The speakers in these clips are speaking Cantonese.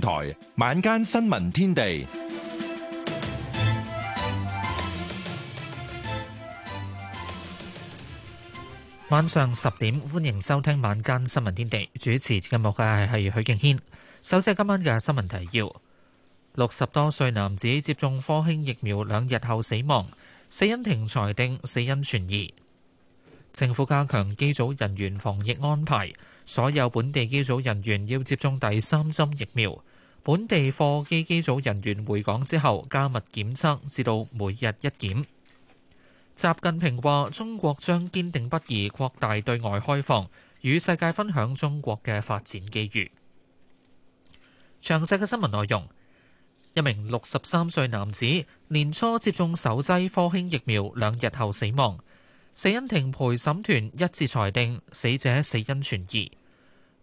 台晚間新聞天地，晚上十點，歡迎收聽晚間新聞天地，主持節目嘅係許敬軒。首先，今晚嘅新聞提要：六十多歲男子接種科興疫苗兩日後死亡，死因庭裁定死因存疑。政府加強機組人員防疫安排。所有本地機組人員要接種第三針疫苗。本地貨機機組人員回港之後，加密檢測，至到每日一檢。習近平話：中國將堅定不移擴大對外開放，與世界分享中國嘅發展機遇。詳細嘅新聞內容：一名六十三歲男子年初接種首劑科興疫苗，兩日後死亡。死因庭陪審團一致裁定死者死因存疑。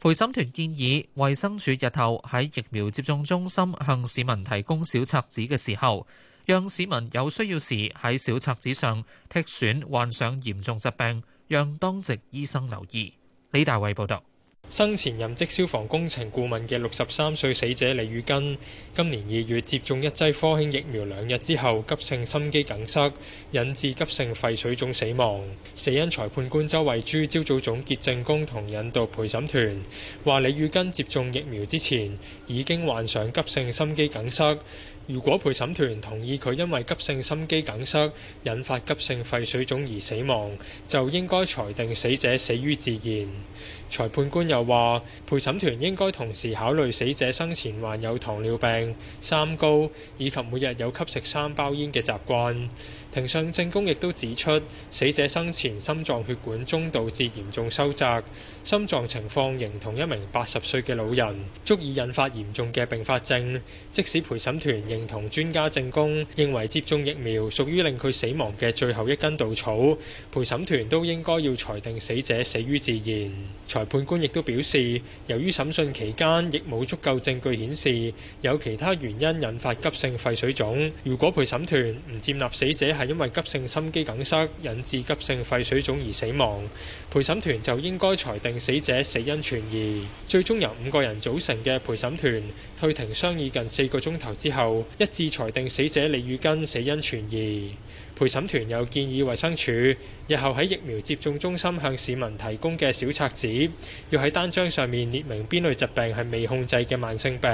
陪審團建議，衛生署日後喺疫苗接種中心向市民提供小冊子嘅時候，讓市民有需要時喺小冊子上剔選患上嚴重疾病，讓當值醫生留意。李大偉報道。生前任職消防工程顧問嘅六十三歲死者李宇根，今年二月接種一劑科興疫苗兩日之後，急性心肌梗塞引致急性肺水腫死亡。死因裁判官周慧珠朝早總結證供同引導陪審團話，李宇根接種疫苗之前已經患上急性心肌梗塞。如果陪審團同意佢因為急性心肌梗塞引發急性肺水腫而死亡，就應該裁定死者死於自然。裁判官又話：陪審團應該同時考慮死者生前患有糖尿病、三高，以及每日有吸食三包煙嘅習慣。庭上證供亦都指出，死者生前心臟血管中導致嚴重收窄，心臟情況形同一名八十歲嘅老人，足以引發嚴重嘅併發症。即使陪審團認同專家證供認為接種疫苗屬於令佢死亡嘅最後一根稻草，陪審團都應該要裁定死者死於自然。裁判官亦都表示，由於審訊期間亦冇足夠證據顯示有其他原因引發急性肺水腫，如果陪審團唔接納死者係因為急性心肌梗塞引致急性肺水腫而死亡，陪審團就應該裁定死者死因存疑。最終由五個人組成嘅陪審團退庭商議近四個鐘頭之後，一致裁定死者李宇根死因存疑。陪審團又建議衞生署日後喺疫苗接種中心向市民提供嘅小冊子，要喺單張上面列明邊類疾病係未控制嘅慢性病，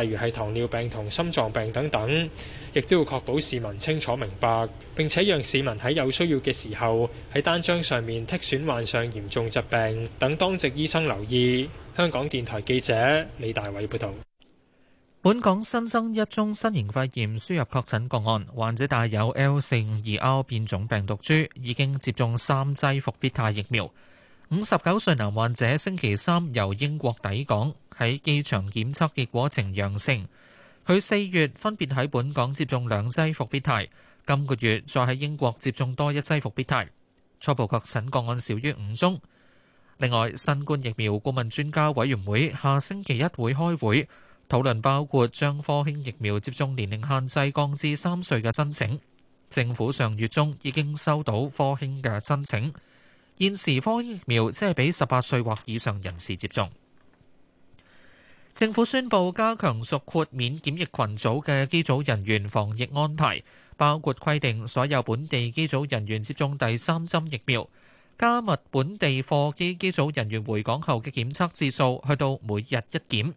例如係糖尿病同心臟病等等，亦都要確保市民清楚明白，並且讓市民喺有需要嘅時候喺單張上面剔選患上嚴重疾病，等當值醫生留意。香港電台記者李大偉報道。本港新增一宗新型肺炎輸入確診個案，患者帶有 L452R 變種病毒株，已經接種三劑復必泰疫苗。五十九歲男患者星期三由英國抵港，喺機場檢測結果呈陽性。佢四月分別喺本港接種兩劑復必泰，今個月再喺英國接種多一劑復必泰。初步確診個案少於五宗。另外，新冠疫苗顧問專家委員會下星期一會開會。討論包括將科興疫苗接種年齡限制降至三歲嘅申請。政府上月中已經收到科興嘅申請，現時科興疫苗只係俾十八歲或以上人士接種。政府宣布加強屬豁免檢疫群組嘅機組人員防疫安排，包括規定所有本地機組人員接種第三針疫苗，加密本地貨機機組人員回港後嘅檢測次數，去到每日一檢。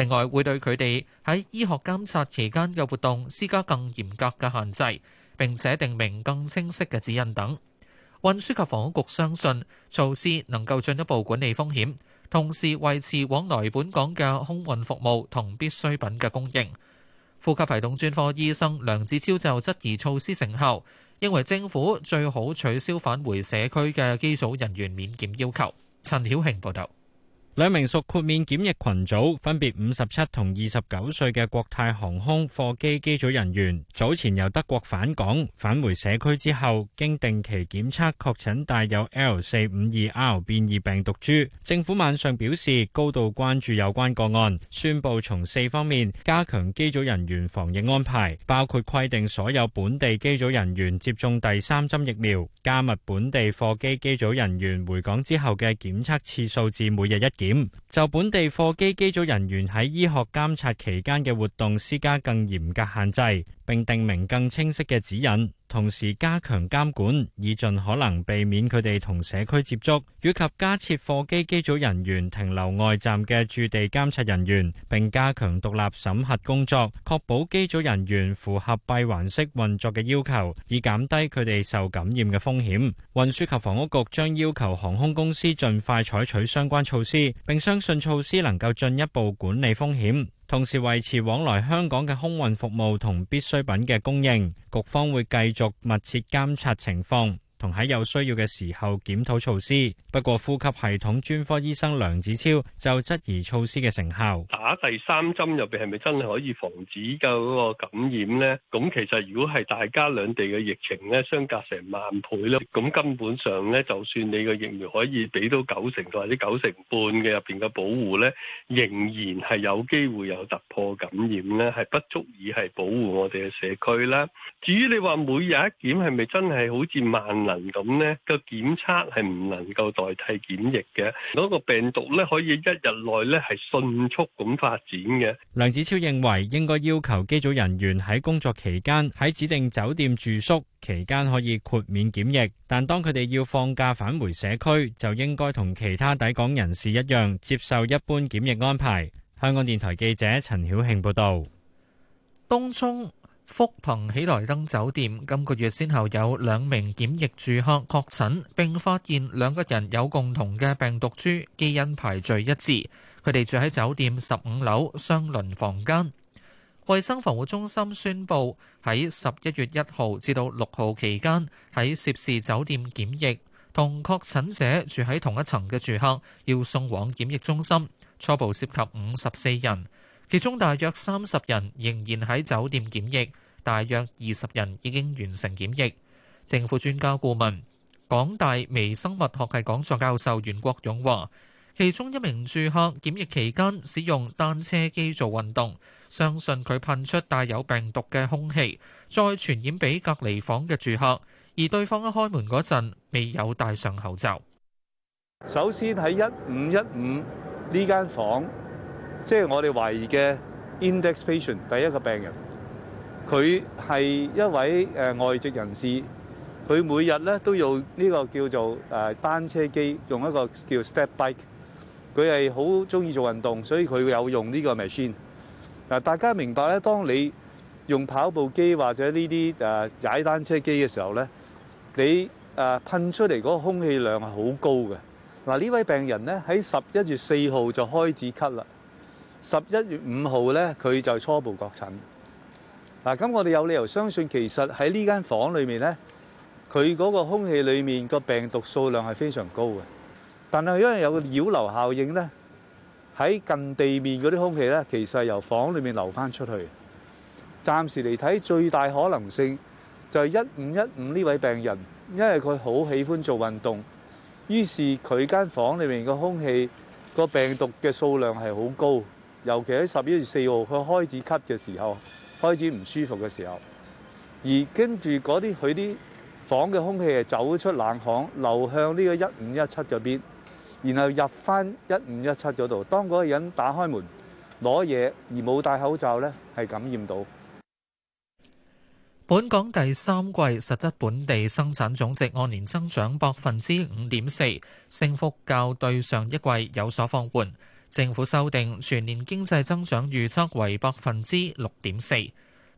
另外，會對佢哋喺醫學監察期間嘅活動施加更嚴格嘅限制，並且定明更清晰嘅指引等。運輸及房屋局相信措施能夠進一步管理風險，同時維持往來本港嘅空運服務同必需品嘅供應。呼吸系統專科醫生梁志超就質疑措施成效，認為政府最好取消返回社區嘅機組人員免檢要求。陳曉慶報導。兩名屬豁免檢疫群組，分別五十七同二十九歲嘅國泰航空貨機機組人員，早前由德國返港返回社區之後，經定期檢測確診帶有 L 四五二 R 變異病毒株。政府晚上表示高度關注有關個案，宣布從四方面加強機組人員防疫安排，包括規定所有本地機組人員接種第三針疫苗，加密本地貨機機組人員回港之後嘅檢測次數至每日一。就本地貨機機組人員喺醫學監察期間嘅活動，施加更嚴格限制，並定明更清晰嘅指引。同時加強監管，以盡可能避免佢哋同社區接觸，以及加設貨機機組人員停留外站嘅駐地監察人員，並加強獨立審核工作，確保機組人員符合閉環式運作嘅要求，以減低佢哋受感染嘅風險。運輸及房屋局將要求航空公司盡快採取相關措施，並相信措施能夠進一步管理風險。同時維持往來香港嘅空運服務同必需品嘅供應，局方會繼續密切監察情況。同喺有需要嘅時候檢討措施。不過呼吸系統專科醫生梁子超就質疑措施嘅成效。打第三針入邊係咪真係可以防止嘅嗰個感染咧？咁其實如果係大家兩地嘅疫情咧相隔成萬倍咯，咁根本上咧就算你嘅疫苗可以俾到九成或者九成半嘅入邊嘅保護咧，仍然係有機會有突破感染咧，係不足以係保護我哋嘅社區啦。至於你話每日一檢係咪真係好似萬？咁呢，個檢測係唔能夠代替檢疫嘅。嗰個病毒呢，可以一日內呢係迅速咁發展嘅。梁子超認為應該要求機組人員喺工作期間、喺指定酒店住宿期間可以豁免檢疫，但當佢哋要放假返回社區，就應該同其他抵港人士一樣接受一般檢疫安排。香港電台記者陳曉慶報導。東湧福朋喜來登酒店今個月先後有兩名檢疫住客確診，並發現兩個人有共同嘅病毒株基因排序一致，佢哋住喺酒店十五樓雙鄰房間。衛生防護中心宣布喺十一月一號至到六號期間喺涉事酒店檢疫，同確診者住喺同一層嘅住客要送往檢疫中心，初步涉及五十四人。其中大約三十人仍然喺酒店檢疫，大約二十人已經完成檢疫。政府專家顧問、港大微生物學系講座教授袁國勇話，其中一名住客檢疫期間使用單車機做運動，相信佢噴出帶有病毒嘅空氣，再傳染俾隔離房嘅住客，而對方一開門嗰陣未有戴上口罩。首先喺一五一五呢間房。即係我哋懷疑嘅 index patient，第一個病人，佢係一位誒外籍人士，佢每日咧都用呢個叫做誒單車機，用一個叫 step bike，佢係好中意做運動，所以佢有用呢個 machine。嗱，大家明白咧，當你用跑步機或者呢啲誒踩單車機嘅時候咧，你誒噴出嚟嗰個空氣量係好高嘅。嗱，呢位病人咧喺十一月四號就開始咳啦。十一月五號呢，佢就初步確診。嗱，咁我哋有理由相信，其實喺呢間房裏面呢，佢嗰個空氣裏面個病毒數量係非常高嘅。但係因為有個擾流效應呢，喺近地面嗰啲空氣呢，其實係由房裏面流返出去。暫時嚟睇，最大可能性就係一五一五呢位病人，因為佢好喜歡做運動，於是佢間房裏面個空氣個病毒嘅數量係好高。尤其喺十一月四號，佢開始咳嘅時候，開始唔舒服嘅時候，而跟住嗰啲佢啲房嘅空氣係走出冷巷，流向呢個一五一七嗰邊，然後入返一五一七嗰度。當嗰個人打開門攞嘢而冇戴口罩呢，係感染到。本港第三季實質本地生產總值按年增長百分之五點四，升幅較對上一季有所放緩。政府修訂全年經濟增長預測為百分之六點四。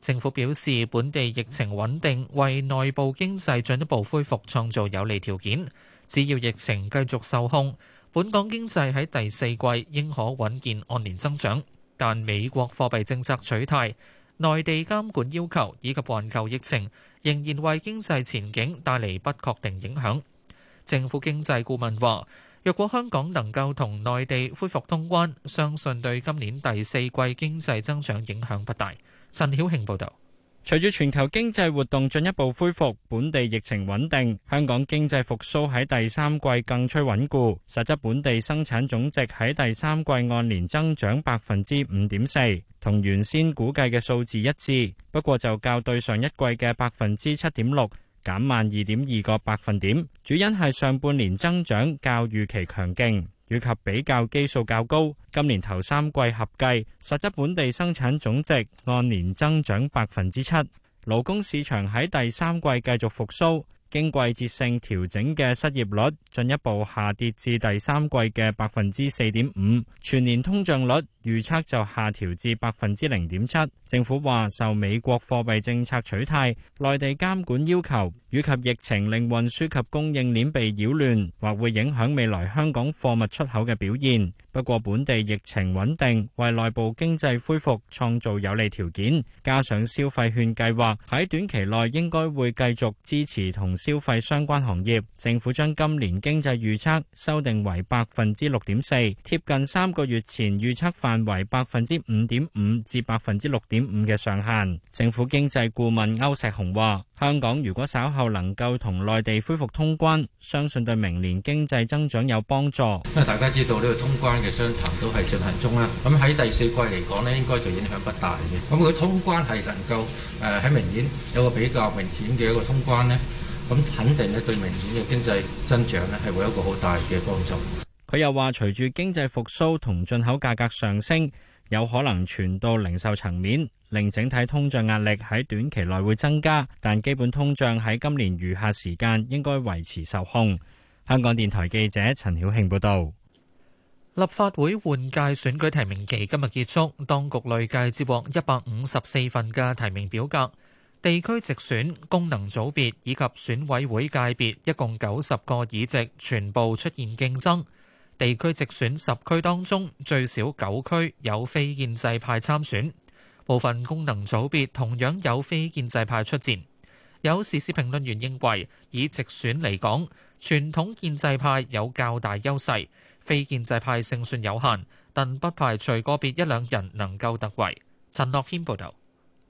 政府表示，本地疫情穩定，為內部經濟進一步恢復創造有利條件。只要疫情繼續受控，本港經濟喺第四季應可穩健按年增長，但美國貨幣政策取態、內地監管要求以及環球疫情，仍然為經濟前景帶嚟不確定影響，政府經濟顧問話，若果香港能夠同內地恢復通關，相信對今年第四季經濟增長影響不大。陳曉慶報導，隨住全球經濟活動進一步恢復，本地疫情穩定，香港經濟復甦喺第三季更趨穩固。實質本地生產總值喺第三季按年增長百分之五點四，同原先估計嘅數字一致，不過就較對上一季嘅百分之七點六。減慢二點二個百分點，主因係上半年增長較預期強勁，與及比較基數較高。今年頭三季合計，實質本地生產總值按年增長百分之七，勞工市場喺第三季繼續復甦。經季節性調整嘅失業率進一步下跌至第三季嘅百分之四點五，全年通脹率預測就下調至百分之零點七。政府話受美國貨幣政策取締、內地監管要求以及疫情令運輸及供應鏈被擾亂，或會影響未來香港貨物出口嘅表現。不過，本地疫情穩定，為內部經濟恢復創造有利條件。加上消費券計劃喺短期內應該會繼續支持同消費相關行業，政府將今年經濟預測修訂為百分之六點四，貼近三個月前預測範圍百分之五點五至百分之六點五嘅上限。政府經濟顧問歐石雄話。香港如果稍後能夠同內地恢復通關，相信對明年經濟增長有幫助。因為大家知道呢個通關嘅商談都係進行中啦，咁喺第四季嚟講呢，應該就影響不大嘅。咁佢通關係能夠誒喺明年有個比較明顯嘅一個通關呢，咁肯定呢對明年嘅經濟增長呢係會有一個好大嘅幫助。佢又話：隨住經濟復甦同進口價格上升。有可能傳到零售層面，令整體通脹壓力喺短期內會增加，但基本通脹喺今年餘下時間應該維持受控。香港電台記者陳曉慶報道。立法會換屆選，選舉提名期今日結束，當局累計接獲一百五十四份嘅提名表格，地區直選、功能組別，以及選委會界別一共九十個議席，全部出現競爭。地區直選十區當中最少九區有非建制派參選，部分功能組別同樣有非建制派出戰。有時事評論員認為，以直選嚟講，傳統建制派有較大優勢，非建制派勝算有限，但不排除個別一兩人能夠得位。陳樂謙報導。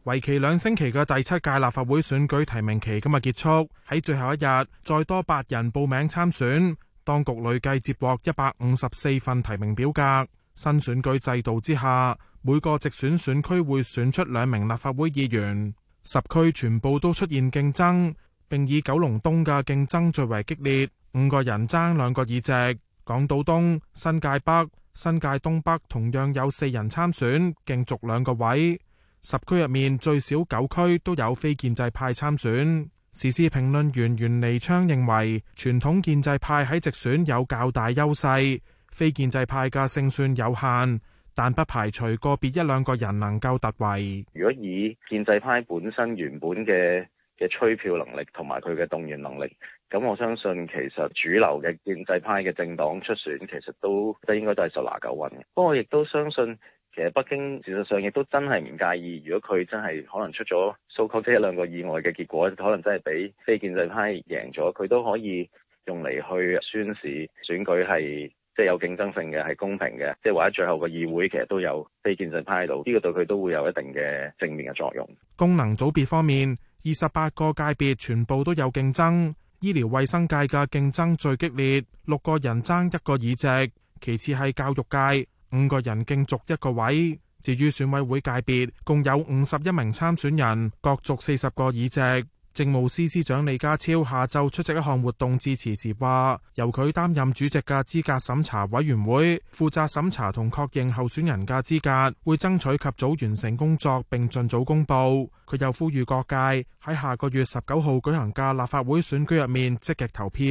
為期兩星期嘅第七屆立法會選舉提名期今日結束，喺最後一日再多八人報名參選。當局累計接獲一百五十四份提名表格。新選舉制度之下，每個直選選區會選出兩名立法會議員，十區全部都出現競爭，並以九龍東嘅競爭最為激烈，五個人爭兩個議席。港島東、新界北、新界東北同樣有四人參選，競逐兩個位。十區入面最少九區都有非建制派參選。時事評論員袁利昌認為，傳統建制派喺直選有較大優勢，非建制派嘅勝算有限，但不排除個別一兩個人能夠突圍。如果以建制派本身原本嘅嘅催票能力同埋佢嘅動員能力，咁我相信其實主流嘅建制派嘅政黨出選，其實都都應該都係十拿九穩。不過，亦都相信。其實北京事實上亦都真係唔介意，如果佢真係可能出咗數確即一兩個意外嘅結果，可能真係俾非建制派贏咗，佢都可以用嚟去宣示選舉係即係有競爭性嘅，係公平嘅。即係或者最後個議會其實都有非建制派喺度，呢個對佢都會有一定嘅正面嘅作用。功能組別方面，二十八個界別全部都有競爭，醫療衞生界嘅競爭最激烈，六個人爭一個議席，其次係教育界。五個人競逐一個位。至於選委會界別，共有五十一名參選人，角逐四十個議席。政務司司長李家超下晝出席一項活動致辭時話：由佢擔任主席嘅資格審查委員會，負責審查同確認候選人嘅資格，會爭取及早完成工作並盡早公佈。佢又呼籲各界喺下個月十九號舉行嘅立法會選舉入面積極投票。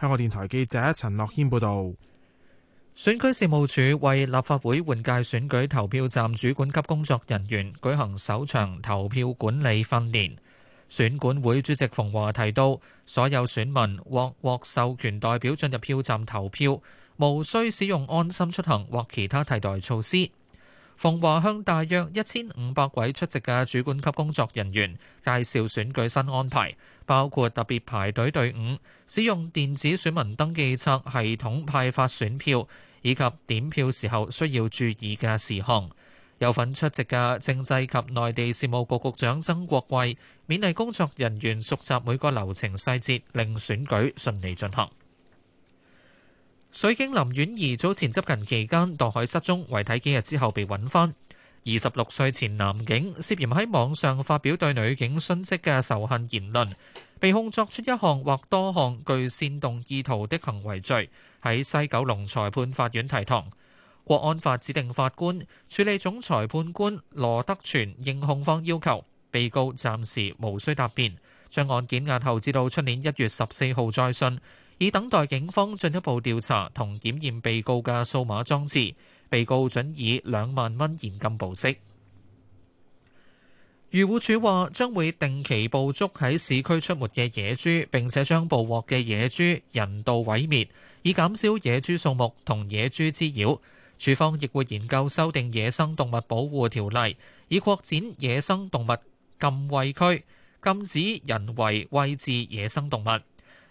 香港電台記者陳樂軒報導。選舉事務處為立法會換屆選舉投票站主管級工作人員舉行首場投票管理訓練。選管會主席馮華提到，所有選民或獲獲授權代表進入票站投票，無需使用安心出行或其他替代措施。馮華向大約一千五百位出席嘅主管級工作人員介紹選舉新安排，包括特別排隊隊伍、使用電子選民登記冊系統派發選票。以及點票時候需要注意嘅事項。有份出席嘅政制及內地事務局局長曾國衛勉勵工作人員熟習每個流程細節，令選舉順利進行。水警林婉儀早前執勤期間墮海失蹤，遺體幾日之後被揾翻。二十六歲前男警涉嫌喺網上發表對女警殉職嘅仇恨言論。被控作出一項或多項具煽動意圖的行為罪，喺西九龍裁判法院提堂。國安法指定法官處理，總裁判官羅德全應控方要求，被告暫時無需答辯，將案件押後至到出年一月十四號再訊，以等待警方進一步調查同檢驗被告嘅數碼裝置。被告准以兩萬蚊現金保釋。漁護署話將會定期捕捉喺市區出沒嘅野豬，並且將捕獲嘅野豬人道毀滅，以減少野豬數目同野豬滋擾。署方亦會研究修訂《野生動物保護條例》，以擴展野生動物禁餵區，禁止人為餵飼野生動物。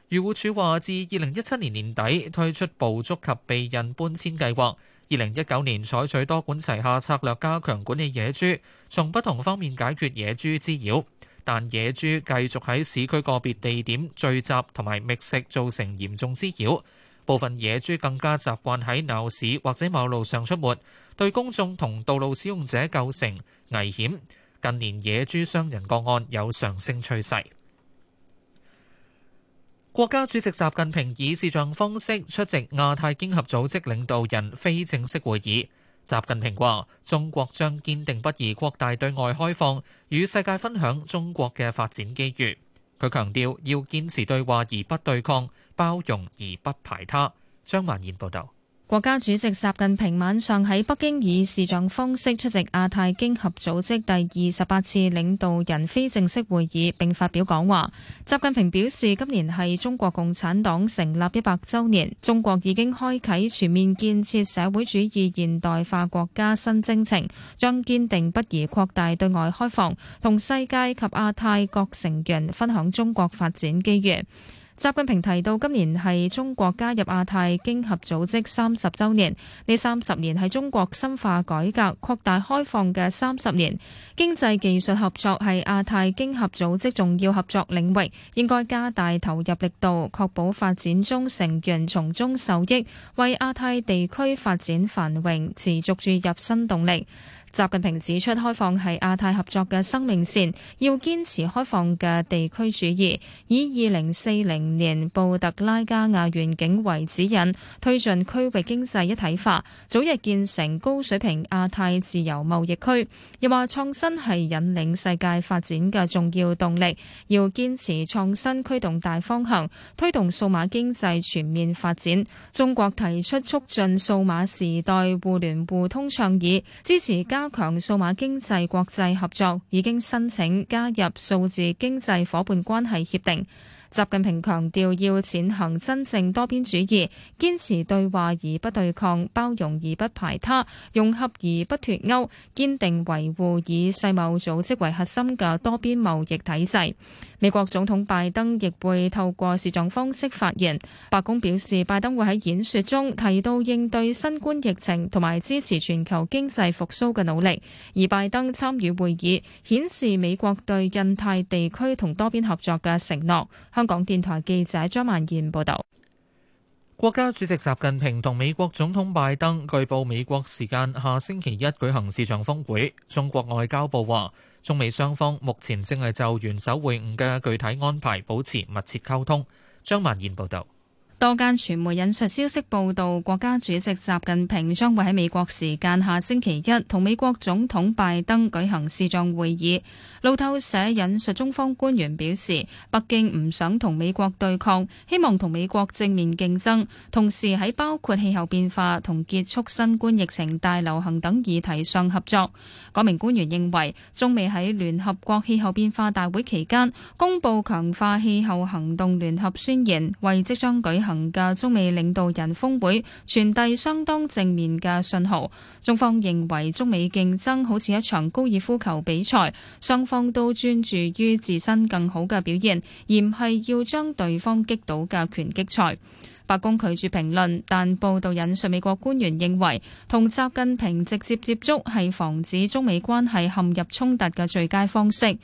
漁護署話，自二零一七年年底推出捕捉及避孕搬遷計劃。二零一九年採取多管齊下策略，加強管理野豬，從不同方面解決野豬滋擾。但野豬繼續喺市區個別地點聚集同埋覓食，造成嚴重滋擾。部分野豬更加習慣喺鬧市或者馬路上出沒，對公眾同道路使用者構成危險。近年野豬傷人個案有上升趨勢。國家主席習近平以視像方式出席亞太經合組織領導人非正式會議。習近平話：中國將堅定不移擴大對外開放，與世界分享中國嘅發展機遇。佢強調要堅持對話而不對抗，包容而不排他。張萬燕報道。國家主席習近平晚上喺北京以視像方式出席亞太經合組織第二十八次領導人非正式會議，並發表講話。習近平表示，今年係中國共產黨成立一百周年，中國已經開啟全面建設社會主義現代化國家新征程，將堅定不移擴大對外開放，同世界及亞太各成員分享中國發展機遇。習近平提到，今年係中國加入亞太經合組織三十周年。呢三十年係中國深化改革、擴大開放嘅三十年。經濟技術合作係亞太經合組織重要合作領域，應該加大投入力度，確保發展中成員從中受益，為亞太地區發展繁榮，持續注入新動力。習近平指出，開放係亞太合作嘅生命線，要堅持開放嘅地區主義，以二零四零年布特拉加亞願景為指引，推進區域經濟一體化，早日建成高水平亞太自由貿易區。又話創新係引領世界發展嘅重要動力，要堅持創新驅動大方向，推動數碼經濟全面發展。中國提出促進數碼時代互聯互通倡議，支持加。加強數碼經濟國際合作，已經申請加入數字經濟伙伴關係協定。習近平強調要踐行真正多邊主義，堅持對話而不對抗，包容而不排他，融合而不脫鉤，堅定維護以世貿組織為核心嘅多邊貿易體制。美國總統拜登亦會透過視像方式發言。白宮表示，拜登會喺演說中提到應對新冠疫情同埋支持全球經濟復甦嘅努力。而拜登參與會議，顯示美國對印太地區同多邊合作嘅承諾。香港電台記者張萬賢報道。國家主席習近平同美國總統拜登據報美國時間下星期一舉行視像峰會。中國外交部話。中美雙方目前正係就元首會晤嘅具體安排保持密切溝通。張萬賢報道。多間傳媒引述消息報道，國家主席習近平將會喺美國時間下星期一同美國總統拜登舉行視像會議。路透社引述中方官員表示，北京唔想同美國對抗，希望同美國正面競爭，同時喺包括氣候變化同結束新冠疫情大流行等議題上合作。該名官員認為，中美喺聯合國氣候變化大會期間公布強化氣候行動聯合宣言，為即將舉行行嘅中美領導人峰會傳遞相當正面嘅信號，中方認為中美競爭好似一場高爾夫球比賽，雙方都專注於自身更好嘅表現，而唔係要將對方擊倒嘅拳擊賽。白宮拒絕評論，但報道引述美國官員認為，同習近平直接接觸，係防止中美關係陷入衝突嘅最佳方式。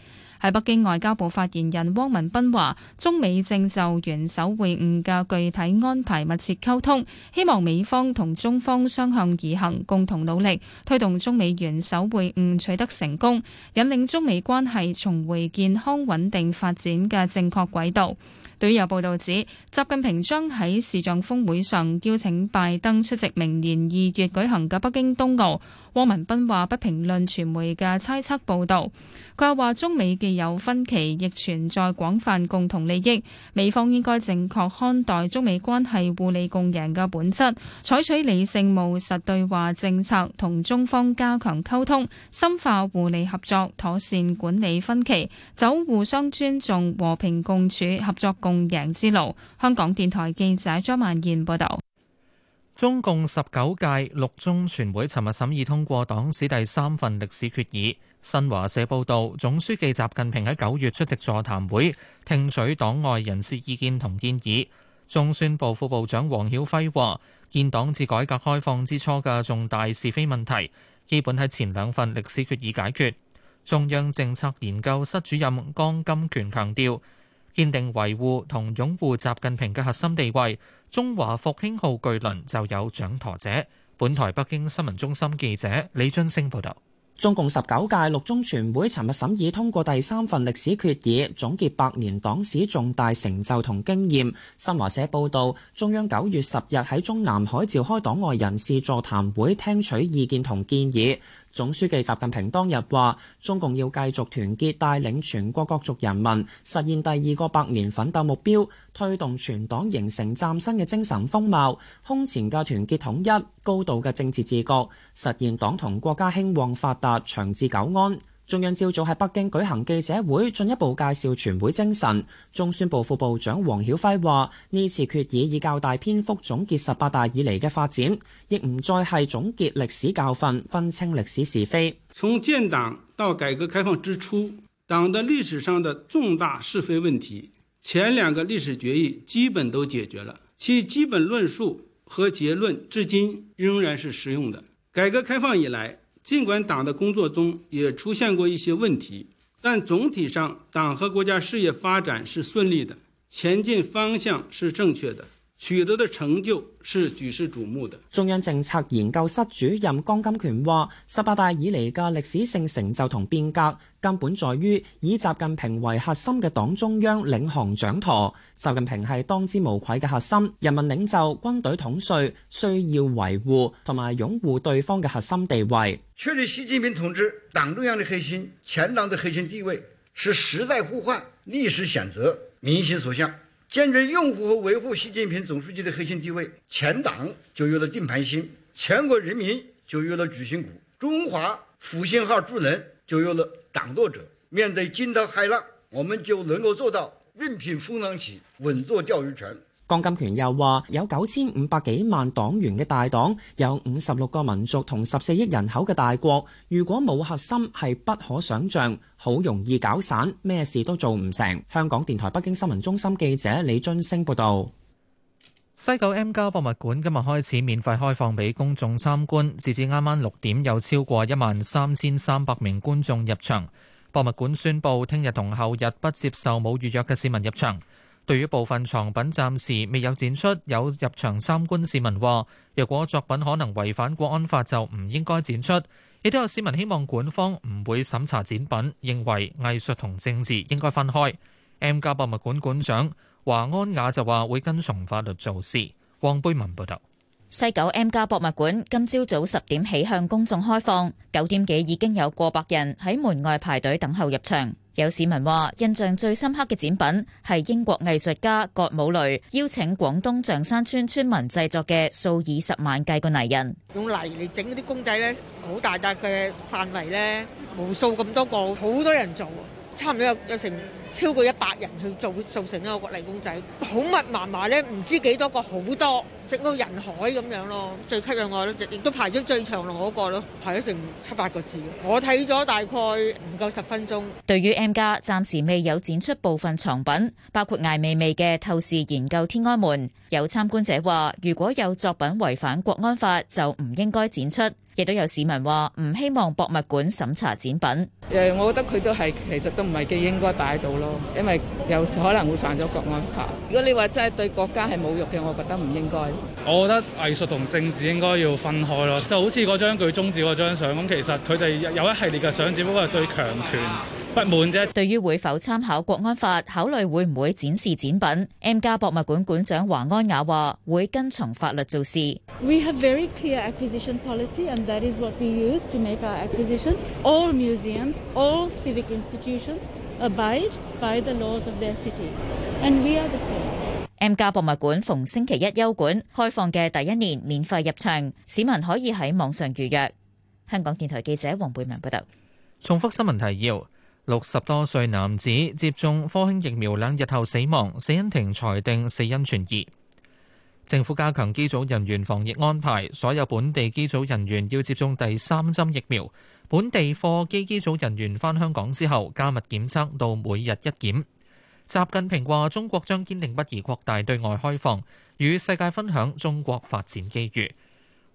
喺北京外交部發言人汪文斌話，中美正就元首會晤嘅具體安排密切溝通，希望美方同中方相向而行，共同努力推動中美元首會晤取得成功，引領中美關係重回健康穩定發展嘅正確軌道。對於有報道指習近平將喺視像峰會上邀請拜登出席明年二月舉行嘅北京冬奧，汪文斌話不評論傳媒嘅猜測報道。佢又話：中美既有分歧，亦存在廣泛共同利益。美方應該正確看待中美關係互利共贏嘅本質，採取理性務實對話政策，同中方加強溝通，深化互利合作，妥善管理分歧，走互相尊重、和平共處、合作共贏之路。香港電台記者張萬燕報道。中共十九屆六中全會尋日審議通過黨史第三份歷史決議。新華社報道，總書記習近平喺九月出席座談會，聽取黨外人士意見同建議。中宣部副部長王曉輝話：建黨至改革開放之初嘅重大是非問題，基本喺前兩份歷史決議解決。中央政策研究室主任江金權強調：堅定維護同擁護習近平嘅核心地位，中華復興號巨輪就有掌舵者。本台北京新聞中心記者李津升報道。中共十九屆六中全會尋日審議通過第三份歷史決議，總結百年黨史重大成就同經驗。新華社報道，中央九月十日喺中南海召開黨外人士座談會，聽取意見同建議。總書記習近平當日話：中共要繼續團結帶領全國各族人民，實現第二個百年奮鬥目標，推動全黨形成嶄新嘅精神風貌，空前嘅團結統一，高度嘅政治自覺，實現黨同國家興旺發達、長治久安。中央朝早喺北京舉行記者會，進一步介紹全會精神。中宣部副部長黃曉輝話：呢次決議以較大篇幅總結十八大以嚟嘅發展，亦唔再係總結歷史教訓、分清歷史是非。從建黨到改革開放之初，黨的歷史上的重大是非問題，前兩個歷史決議基本都解決了，其基本論述和結論至今仍然是實用的。改革開放以來，盡管黨的工作中也出現過一些問題，但總體上黨和國家事業發展是順利的，前進方向是正確的。取得的成就是舉世矚目的。中央政策研究室主任江金權話，十八大以來嘅歷史性成就同變革，根本在於以習近平為核心嘅黨中央領航掌舵。習近平係當之無愧嘅核心，人民領袖，軍隊統帥，需要維護同埋擁護對方嘅核心地位。確立習近平同志黨中央的核心、全黨的核心地位，是時代呼喚、歷史選擇、民心所向。堅決擁護和維護習近平總書記的核心地位，全黨就有了定盤星，全國人民就有了主心骨，中華復興號巨輪就有了掌舵者。面對驚濤駭浪，我們就能夠做到任憑風浪起，穩坐釣魚船。江金權又話：有九千五百幾萬黨員嘅大黨，有五十六個民族同十四億人口嘅大國，如果冇核心，係不可想象。好容易搞散，咩事都做唔成。香港電台北京新聞中心記者李津升報道：西九 M 加博物館今日開始免費開放俾公眾參觀，截至啱啱六點，有超過一萬三千三百名觀眾入場。博物館宣布聽日同後日不接受冇預約嘅市民入場。對於部分藏品暫時未有展出，有入場參觀市民話：若果作品可能違反國安法，就唔應該展出。亦都有市民希望管方唔會審查展品，認為藝術同政治應該分開。M 家博物館館長華安雅就話會跟從法律做事。黃貝文報道。西九 M+ 博物館今朝早十點起向公眾開放，九點幾已經有過百人喺門外排隊等候入場。有市民話，印象最深刻嘅展品係英國藝術家葛姆雷邀請廣東象山村村民製作嘅數以十萬計個泥人。用泥嚟整嗰啲公仔咧，好大笪嘅範圍咧，無數咁多個，好多人做，差唔多有有成超過一百人去做，做成一個泥公仔，好密麻麻咧，唔知幾多個，好多。食到人海咁樣咯，最吸引我咯，亦都排咗最長龍嗰，那個咯，排咗成七八個字。我睇咗大概唔夠十分鐘。對於 M 家暫時未有展出部分藏品，包括艾未未嘅透視研究天安門。有參觀者話：如果有作品違反國安法，就唔應該展出。亦都有市民話：唔希望博物館審查展品。誒，我覺得佢都係其實都唔係幾應該擺到咯，因為有時可能會犯咗國安法。如果你話真係對國家係侮辱嘅，我覺得唔應該。我覺得藝術同政治應該要分開囉。就好似嗰張舉中指嗰張相，咁其實佢哋有一系列嘅相，只不過係對強權不滿啫，對於會否參考國安法，考慮會唔會展示展品。M+ 博物館館館長華安雅話會跟從法律做事。M 家博物館逢星期一休館，開放嘅第一年免費入場，市民可以喺網上預約。香港電台記者黃貝文報道。重複新聞提要：六十多歲男子接種科興疫苗兩日後死亡，死因庭裁定死因存疑。政府加強機組人員防疫安排，所有本地機組人員要接種第三針疫苗。本地貨機機組人員返香港之後，加密檢測到每日一檢。習近平話：中國將堅定不移擴大對外開放，與世界分享中國發展機遇。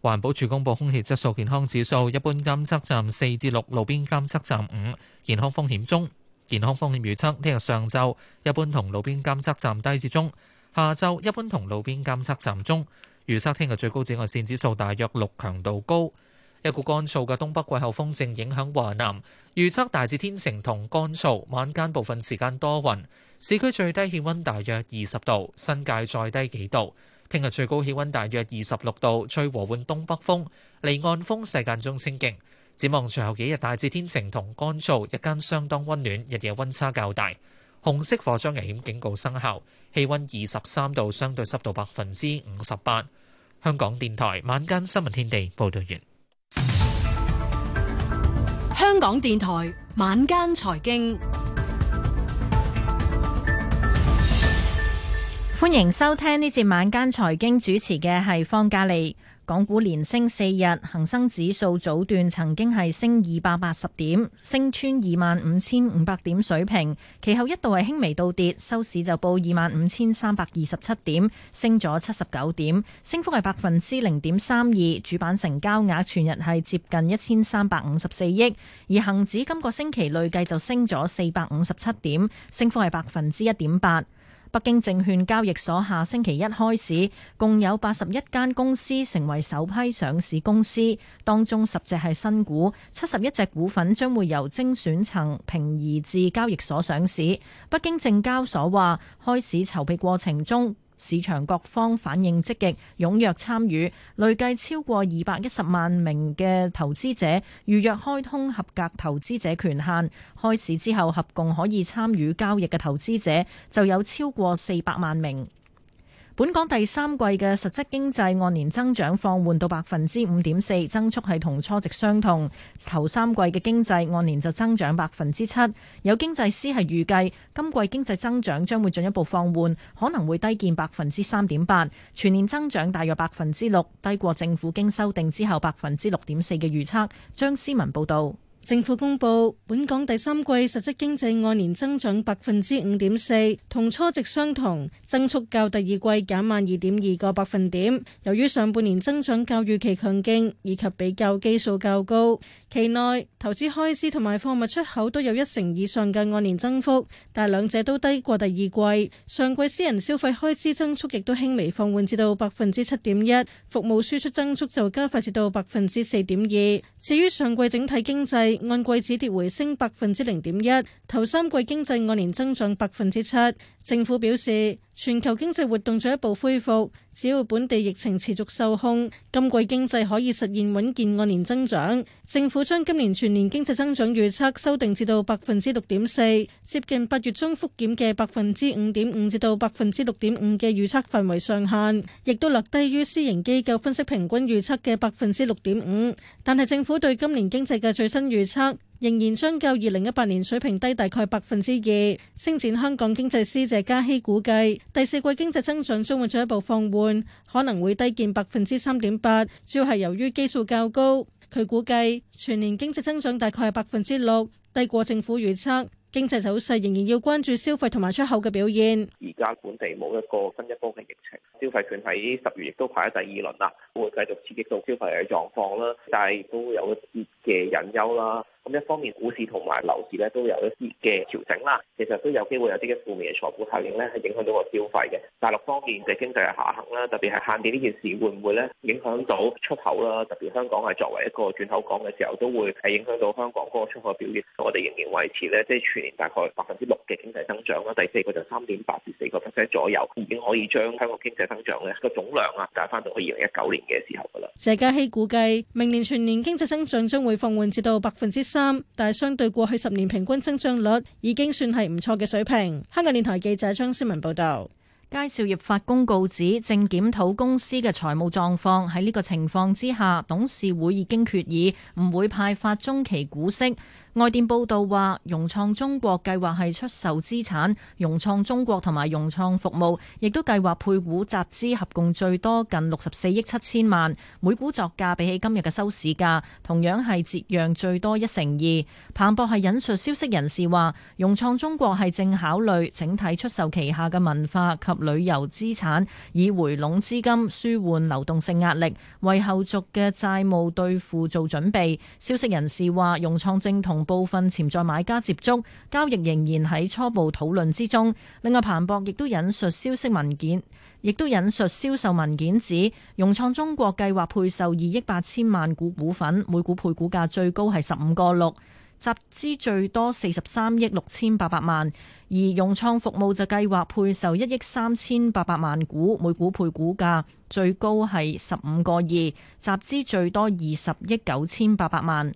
環保署公布空氣質素健康指數，一般監測站四至六，路邊監測站五，健康風險中。健康風險預測：聽日上晝一般同路邊監測站低至中，下晝一般同路邊監測站中。預測聽日最高紫外線指數大約六，強度高。一股乾燥嘅東北季候風正影響華南，預測大致天晴同乾燥，晚間部分時間多雲。市區最低氣温大約二十度，新界再低幾度。聽日最高氣温大約二十六度，吹和緩東北風，離岸風勢間中清勁。展望最後幾日大致天晴同乾燥，日間相當温暖，日夜温差較大。紅色火災危險警告生效，氣温二十三度，相對濕度百分之五十八。香港電台晚間新聞天地報道完。香港電台晚間財經，歡迎收聽呢節晚間財經，主持嘅係方嘉利。港股連升四日，恒生指數早段曾經係升二百八十點，升穿二萬五千五百點水平。其後一度係輕微倒跌，收市就報二萬五千三百二十七點，升咗七十九點，升幅係百分之零點三二。主板成交額全日係接近一千三百五十四億，而恒指今個星期累計就升咗四百五十七點，升幅係百分之一點八。北京證券交易所下星期一開市，共有八十一間公司成為首批上市公司，當中十隻係新股，七十一隻股份將會由精選層平移至交易所上市。北京證交所話，開市籌備過程中，市場各方反應積極，踴躍參與，累計超過二百一十萬名嘅投資者預約開通合格投資者權限。開市之後，合共可以參與交易嘅投資者就有超過四百萬名。本港第三季嘅實質經濟按年增長放緩到百分之五點四，增速係同初值相同。頭三季嘅經濟按年就增長百分之七。有經濟師係預計今季經濟增長將會進一步放緩，可能會低見百分之三點八。全年增長大約百分之六，低過政府經修訂之後百分之六點四嘅預測。張思文報導。政府公布本港第三季實際經濟按年增長百分之五點四，同初值相同，增速較第二季減慢二點二個百分點。由於上半年增長較預期強勁，以及比較基數較高，期內投資開支同埋貨物出口都有一成以上嘅按年增幅，但兩者都低過第二季。上季私人消費開支增速亦都輕微放緩至到百分之七點一，服務輸出增速就加快至到百分之四點二。至於上季整體經濟，按季止跌回升百分之零點一，頭三季經濟按年增長百分之七。政府表示。全球經濟活動進一步恢復，只要本地疫情持續受控，今季經濟可以實現穩健按年增長。政府將今年全年經濟增長預測修訂至到百分之六點四，接近八月中復檢嘅百分之五點五至到百分之六點五嘅預測範圍上限，亦都略低於私營機構分析平均預測嘅百分之六點五。但係政府對今年經濟嘅最新預測，仍然將較二零一八年水平低大概百分之二。星展香港經濟師謝嘉熙估計，第四季經濟增長將會進一步放緩，可能會低見百分之三點八，主要係由於基數較高。佢估計全年經濟增長大概係百分之六，低過政府預測。經濟走勢仍然要關注消費同埋出口嘅表現。而家本地冇一個新一波嘅疫情。消費券喺十月亦都排喺第二輪啦，會繼續刺激到消費嘅狀況啦，但係都有一啲嘅隱憂啦。咁一方面股市同埋樓市咧都有一啲嘅調整啦，其實都有機會有啲嘅負面嘅財富效應咧係影響到個消費嘅。大陸方面嘅經濟係下行啦，特別係限電呢件事會唔會咧影響到出口啦？特別香港係作為一個轉口港嘅時候，都會係影響到香港嗰個出口表現。我哋仍然維持咧，即係全年大概百分之六嘅經濟增長啦。第四個就係三點八至四個 percent 左右，已經可以將香港經濟，增長咧個總量啊，減翻到去二零一九年嘅時候噶啦。謝嘉熙估計明年全年經濟增長將會放緩至到百分之三，但係相對過去十年平均增長率已經算係唔錯嘅水平。香港電台記者張思文報道，佳兆業發公告指正檢討公司嘅財務狀況，喺呢個情況之下，董事會已經決議唔會派發中期股息。外電報道話，融創中國計劃係出售資產，融創中國同埋融創服務亦都計劃配股集資，合共最多近六十四億七千萬，每股作價比起今日嘅收市價，同樣係折讓最多一成二。彭博係引述消息人士話，融創中國係正考慮整體出售旗下嘅文化及旅遊資產，以回籠資金、舒緩流動性壓力，為後續嘅債務兌付做準備。消息人士話，融創正同。部分潛在買家接觸，交易仍然喺初步討論之中。另外，彭博亦都引述消息文件，亦都引述銷售文件指，融創中國計劃配售二億八千萬股股份，每股配股價最高係十五個六，集資最多四十三億六千八百萬。而融創服務就計劃配售一億三千八百萬股，每股配股價最高係十五個二，集資最多二十億九千八百萬。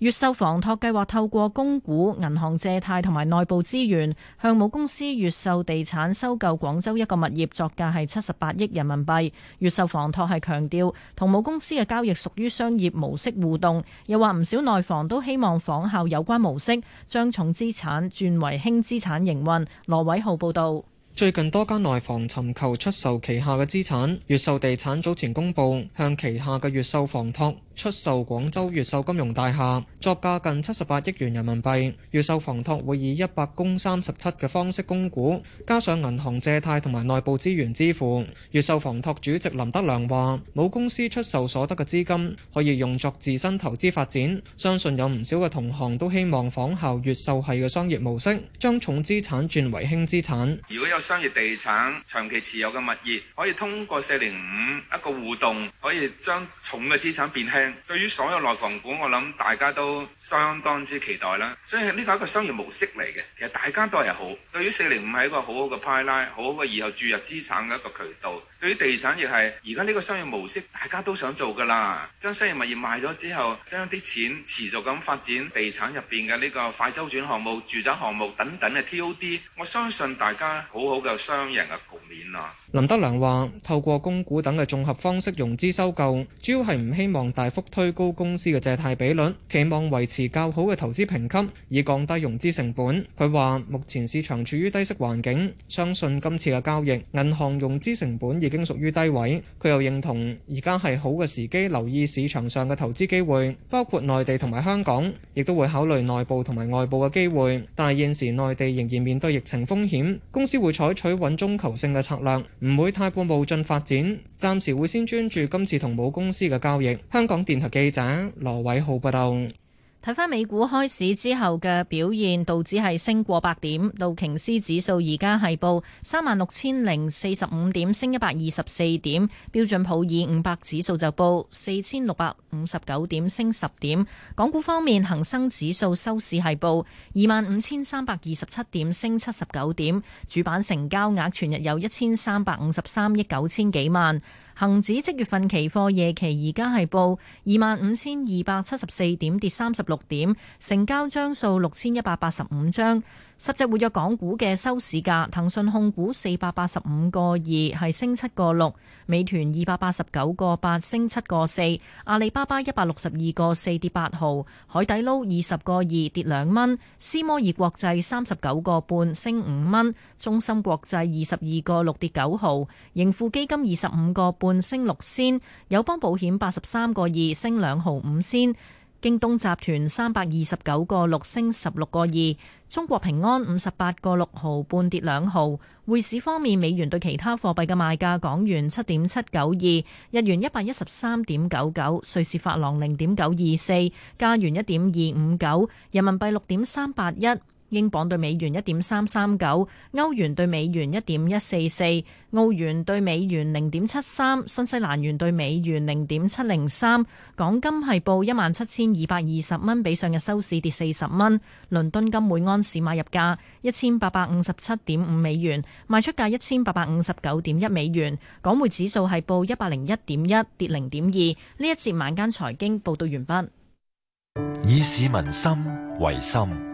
越秀房託計劃透過供股銀行借貸同埋內部資源，向母公司越秀地產收購廣州一個物業，作價係七十八億人民幣。越秀房託係強調，同母公司嘅交易屬於商業模式互動，又話唔少內房都希望仿效有關模式，將重資產轉為輕資產營運。羅偉浩報道，最近多間內房尋求出售旗下嘅資產，越秀地產早前公布向旗下嘅越秀房託。出售廣州越秀金融大廈作價近七十八億元人民幣，越秀房託會以一百公三十七嘅方式供股，加上銀行借貸同埋內部資源支付。越秀房託主席林德良話，母公司出售所得嘅資金可以用作自身投資發展，相信有唔少嘅同行都希望仿效越秀系嘅商業模式，將重資產轉為輕資產。如果有商業地產長期持有嘅物業可以通過四零五一個互動可以將。重嘅資產變輕，對於所有內房股，我諗大家都相當之期待啦。所以呢個係一個商業模式嚟嘅，其實大家都係好。對於四零五係一個好好嘅派拉，好好嘅以後注入資產嘅一個渠道。對於地產亦係，而家呢個商業模式大家都想做噶啦。將商業物業賣咗之後，將啲錢持續咁發展地產入邊嘅呢個快周轉項目、住宅項目等等嘅 TOD，我相信大家好好嘅雙贏嘅局面啊！林德良話：透過供股等嘅綜合方式融資收購，主要係唔希望大幅推高公司嘅借貸比率，期望維持較好嘅投資評級，以降低融資成本。佢話：目前市場處於低息環境，相信今次嘅交易，銀行融資成本已經屬於低位。佢又認同而家係好嘅時機，留意市場上嘅投資機會，包括內地同埋香港，亦都會考慮內部同埋外部嘅機會。但係現時內地仍然面對疫情風險，公司會採取穩中求勝嘅策略。唔會太過冒進發展，暫時會先專注今次同母公司嘅交易。香港電台記者羅偉浩報道。睇翻美股開市之後嘅表現，道指係升過百點，道瓊斯指數而家係報三萬六千零四十五點，升一百二十四點。標準普爾五百指數就報四千六百五十九點，升十點。港股方面，恒生指數收市係報二萬五千三百二十七點，升七十九點。主板成交額全日有一千三百五十三億九千幾萬。恒指即月份期貨夜期而家係報二萬五千二百七十四點，跌三十六點，成交張數六千一百八十五張。十隻活躍港股嘅收市價：騰訊控股四百八十五個二，係升七個六；美團二百八十九個八，升七個四；阿里巴巴一百六十二個四，跌八毫；海底撈二十個二，跌兩蚊；思摩爾國際三十九個半，升五蚊；中芯國際二十二個六，跌九毫；盈富基金二十五個半，升六仙；友邦保險八十三個二，升兩毫五仙。京東集團三百二十九個六，升十六個二，中國平安五十八個六毫半，跌兩毫。匯市方面，美元對其他貨幣嘅賣價：港元七點七九二，日元一百一十三點九九，瑞士法郎零點九二四，加元一點二五九，人民幣六點三八一。英鎊兌美元一點三三九，歐元兌美元一點一四四，澳元兌美元零點七三，新西蘭元兌美元零點七零三。港金係報一萬七千二百二十蚊，比上日收市跌四十蚊。倫敦金每安士買入價一千八百五十七點五美元，賣出價一千八百五十九點一美元。港匯指數係報一百零一點一，跌零點二。呢一節晚間財經報道完畢。以市民心為心。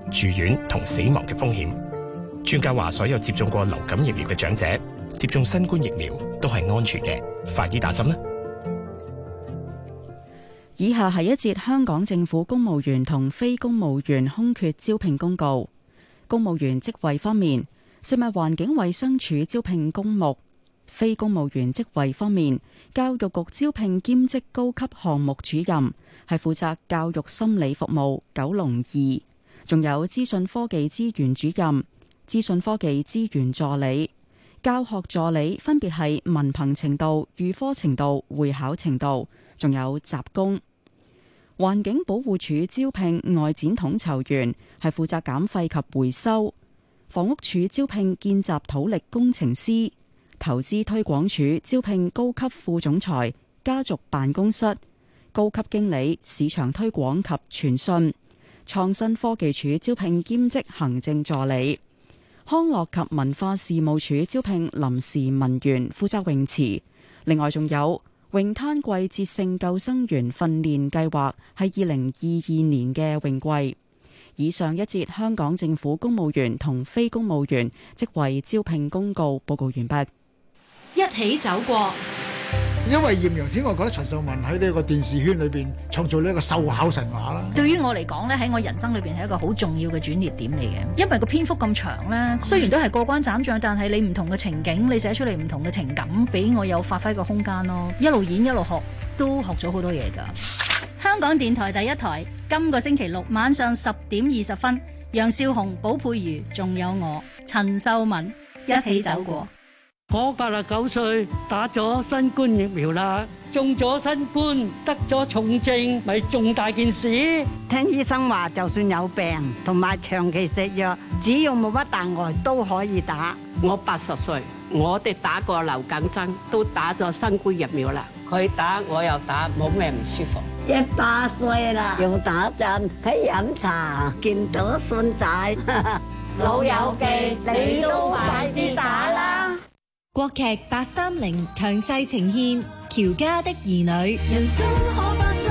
住院同死亡嘅風險，專家話所有接種過流感疫苗嘅長者接種新冠疫苗都係安全嘅。快啲打針啦！以下係一節香港政府公務員同非公務員空缺招聘公告。公務員職位方面，食物環境衛生署招聘公務；非公務員職位方面，教育局招聘兼職高級項目主任，係負責教育心理服務。九龍二。仲有資訊科技資源主任、資訊科技資源助理、教學助理，分別係文憑程度、預科程度、會考程度，仲有雜工。環境保護署招聘外展統籌員，係負責減廢及回收。房屋署招聘見習土力工程師。投資推廣署招聘高級副總裁、家族辦公室高級經理、市場推廣及傳訊。創新科技署招聘兼職行政助理，康樂及文化事務署招聘臨時文員，負責泳池。另外，仲有泳灘季節性救生員訓練計劃喺二零二二年嘅泳季。以上一節香港政府公務員同非公務員職位招聘公告報告完畢。一起走過。因為《艷陽天》，我覺得陳秀文喺呢個電視圈裏面創造咗一個壽考神話啦。對於我嚟講咧，喺我人生裏面係一個好重要嘅轉折點嚟嘅。因為個篇幅咁長咧，雖然都係過關斬將，但係你唔同嘅情景，你寫出嚟唔同嘅情感，俾我有發揮嘅空間咯。一路演一路學，都學咗好多嘢噶。香港電台第一台，今個星期六晚上十點二十分，楊少紅、寶佩如，仲有我陳秀文，一起走過。我八十九歲，打咗新冠疫苗啦，中咗新冠，得咗重症，咪重大件事。聽醫生話，就算有病同埋長期食藥，只要冇乜大礙都可以打。我八十歲，我哋打過流感針，都打咗新冠疫苗啦。佢打，我又打，冇咩唔舒服。一百歲啦，又打針，喺飲茶，見到信仔。老友記，你都快啲打啦！國劇八三零強勢呈現《喬家的兒女》。人生可發生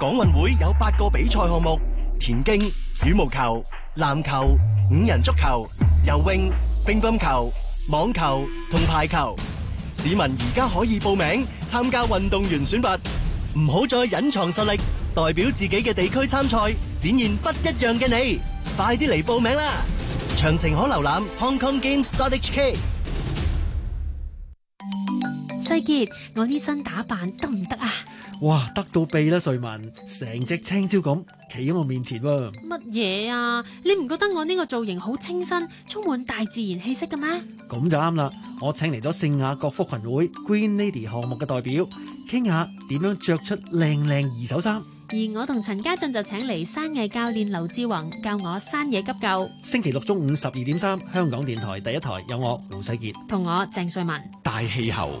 港運會有八個比賽項目：田徑、羽毛球、籃球、五人足球、游泳、乒乓球、網球同排球。市民而家可以報名參加運動員選拔，唔好再隱藏實力，代表自己嘅地區參賽，展現不一樣嘅你。快啲嚟報名啦！詳情可瀏覽 Hong Kong Games dot hk。世杰，我呢身打扮得唔得啊？哇，得到秘啦！瑞文，成隻青椒咁企喺我面前喎。乜嘢啊？你唔覺得我呢個造型好清新，充滿大自然氣息嘅咩？咁就啱啦！我請嚟咗聖雅各福群會 Green Lady 項目嘅代表，傾下點樣着出靚靚二手衫。而我同陳家俊就請嚟山藝教練劉志宏教我山野急救。星期六中午十二點三，香港電台第一台有我盧世杰，同我鄭瑞文，大氣候。